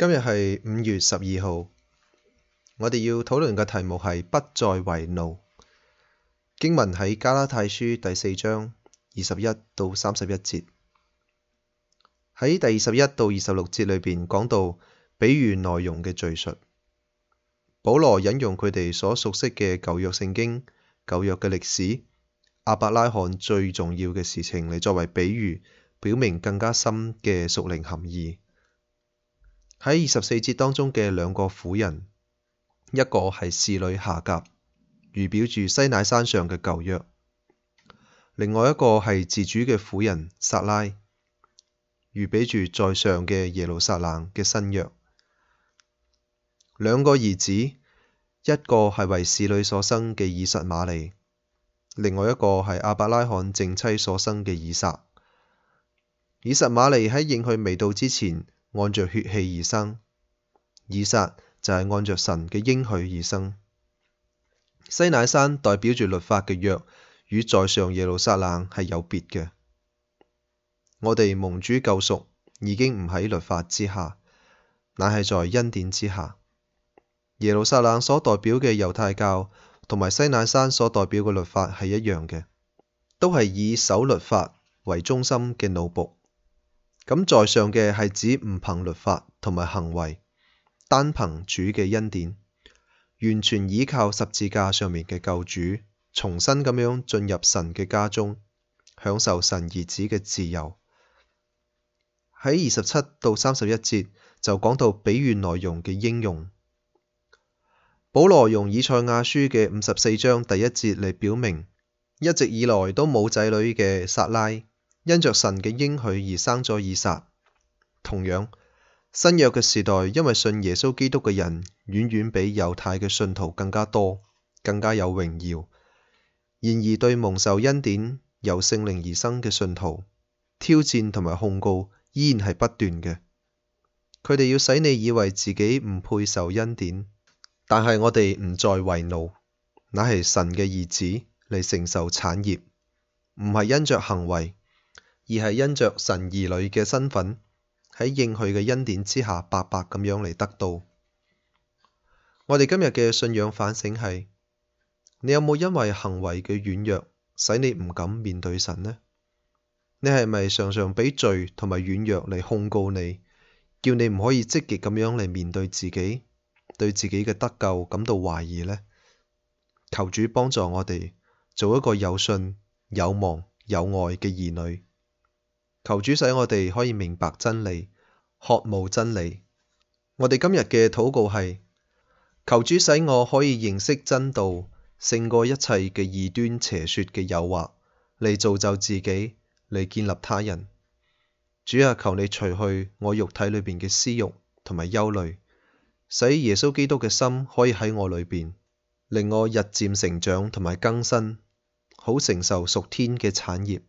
今日係五月十二號，我哋要討論嘅題目係不再為奴。經文喺加拉太書第四章二十一到三十一節，喺第二十一到二十六節裏邊講到，比喻內容嘅敘述，保羅引用佢哋所熟悉嘅舊約聖經、舊約嘅歷史、亞伯拉罕最重要嘅事情嚟，作為比喻，表明更加深嘅屬靈含義。喺二十四節當中嘅兩個婦人，一個係侍女夏甲，預表住西乃山上嘅舊約；另外一個係自主嘅婦人撒拉，預比住在上嘅耶路撒冷嘅新約。兩個兒子，一個係為侍女所生嘅以實瑪利，另外一個係阿伯拉罕正妻所生嘅以撒。以實瑪利喺應許未到之前，按着血氣而生，以撒就係按着神嘅應許而生。西乃山代表住律法嘅約，與在上耶路撒冷係有別嘅。我哋蒙主救贖，已經唔喺律法之下，乃係在恩典之下。耶路撒冷所代表嘅猶太教，同埋西乃山所代表嘅律法係一樣嘅，都係以守律法為中心嘅腦部。咁在上嘅係指唔憑律法同埋行為，單憑主嘅恩典，完全依靠十字架上面嘅救主，重新咁樣進入神嘅家中，享受神兒子嘅自由。喺二十七到三十一節就講到比喻內容嘅應用。保羅用以賽亞書嘅五十四章第一節嚟表明，一直以來都冇仔女嘅撒拉。因着神嘅應許而生咗以撒，同樣新約嘅時代，因為信耶穌基督嘅人遠遠比猶太嘅信徒更加多，更加有榮耀。然而，對蒙受恩典由聖靈而生嘅信徒，挑戰同埋控告依然係不斷嘅。佢哋要使你以為自己唔配受恩典，但係我哋唔再為奴，乃係神嘅兒子嚟承受產業，唔係因着行為。而係因着神兒女嘅身份，喺應許嘅恩典之下，白白咁樣嚟得到。我哋今日嘅信仰反省係：你有冇因為行為嘅軟弱，使你唔敢面對神呢？你係咪常常俾罪同埋軟弱嚟控告你，叫你唔可以積極咁樣嚟面對自己，對自己嘅得救感到懷疑呢？求主幫助我哋做一個有信、有望、有愛嘅兒女。求主使我哋可以明白真理，渴慕真理。我哋今日嘅禱告係：求主使我可以認識真道，勝過一切嘅異端邪說嘅誘惑，嚟造就自己，嚟建立他人。主啊，求你除去我肉體裏邊嘅私欲同埋憂慮，使耶穌基督嘅心可以喺我裏邊，令我日漸成長同埋更新，好承受屬天嘅產業。